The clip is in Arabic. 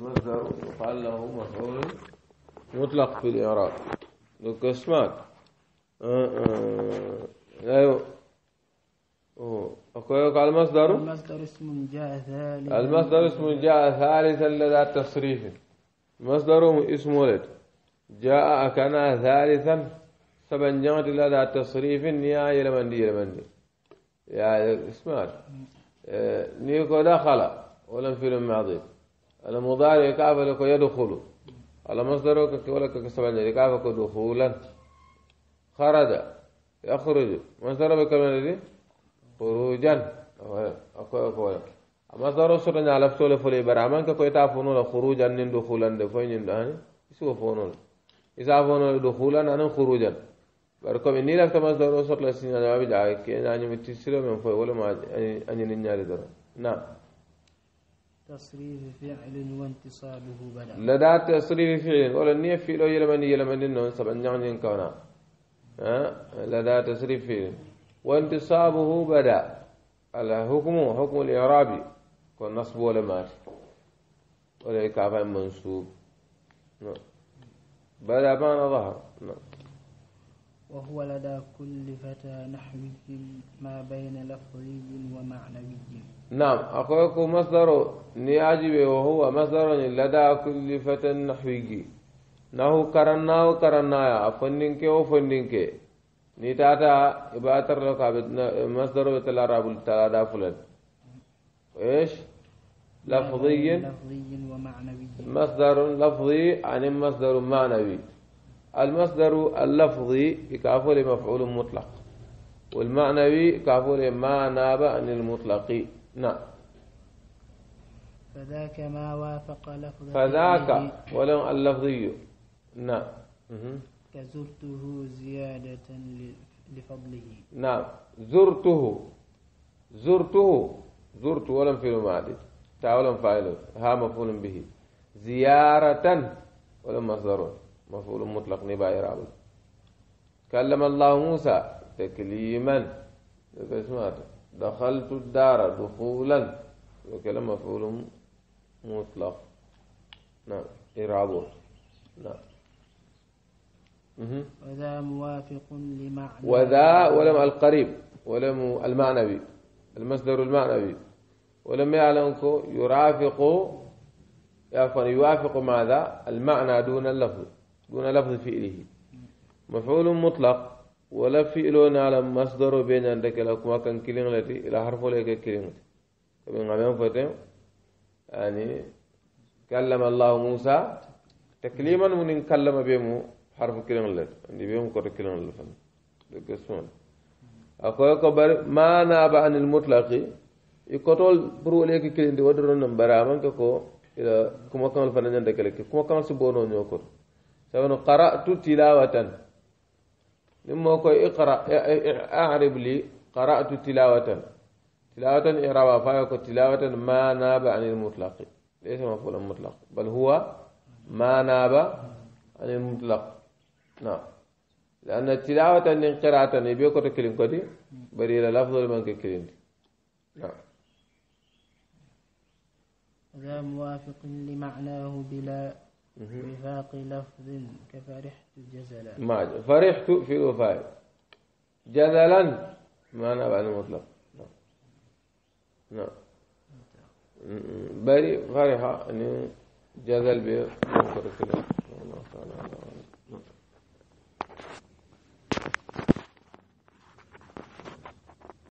المصدر يقال له مفعول مطلق في الإعراب قسمان أيوه آه، آه. أكو يقع المصدر المصدر اسم جاء ثالثا المصدر اسم جاء ثالثا لدى تصريف مصدر اسم ولد جاء أكنا ثالثا سبن جمد لدى تصريف دي لمندي دي يا اسمات آه، نيكو دخل ولم في الماضي المضارع كافة لك يدخل على مصدره كولا كسبعنا كافة كدخولا خرج يخرج مصدر بكلمة الذي خروجا مصدر سر على فتولة فلي برامان كوي تافونولا خروجا نين دخولا دفين دهاني يسوى فونولا إذا فونولا دخولا أنا خروجا بركم إني لك مصدر سر سنين جواب جاي كي أنا متسلم من فوق ولا ما أني نعم تصريف فعل وانتصابه بلا لدى تصريف فعل ولا نية فعل يلمن يلمن إنه سبع نعم ان كونا ها لدى تصريف فعل وانتصابه بدا الحكم حكم الإعرابي كون نصب ولا مات ولا كافة منصوب نعم. بدا ما ظهر نعم. وهو لدى كل فتى نحوي ما بين لفظي ومعنوي نعم أقولكم مصدر نياجب وهو مصدر لدى كل فتى نحوي نحو كرنا وكرنا يا فننك وفننك نتاتا إباتر لك مصدر وطلع وتلارا بالتلادا فلن إيش لفظي مصدر لفظي عن مصدر معنوي المصدر اللفظي كافل مفعول مطلق والمعنوي كافل ما ناب عن المطلق نعم فذاك ما وافق لفظ فذاك ولو اللفظي نعم كزرته زيادة لفضله نعم زرته زرته زرت ولم فعل معدد تعالى فاعل ها مفعول به زيارة ولم مصدر مفعول مطلق نبا إرابة كلم الله موسى تكليما دخلت الدار دخولا وكلام مفعول مطلق نعم إرعابون نعم وذا موافق لمعنى وذا ولم القريب ولم المعنوي المصدر المعنوي ولم يعلمك يرافق عفوا يوافق ماذا المعنى دون اللفظ دون لفظ فعله مفعول مطلق ولا فعل على مصدر بين عندك لكما كان كلمة التي إلى حرف لك كلمة من فتن يعني كلم الله موسى تكليما من كلم بيمو حرف كلمة لد عندي بيمو كرة كلمة فن دكسون أقول كبر ما نابع عن المطلق يقتل برو ليك كلمة ودرون نبرامن كو إذا كم كان الفنان عندك لك كم كان سبورون يوكر سواء قرأت تلاوة نمو كو اقرأ أعرب لي قرأت تلاوة تلاوة إعراب فايك تلاوة ما ناب عن المطلق ليس مفعولا مطلق بل هو ما ناب عن المطلق نعم لأن التلاوة إن قراءة يبيكو تكلم كدي بري لفظ من كلمة نعم ذا موافق لمعناه بلا وفاق لفظ كفرحت جزلا ما فرحت في الوفاء جزلا ما ناب عن المطلق نعم باري غارها أن جذل بمنكر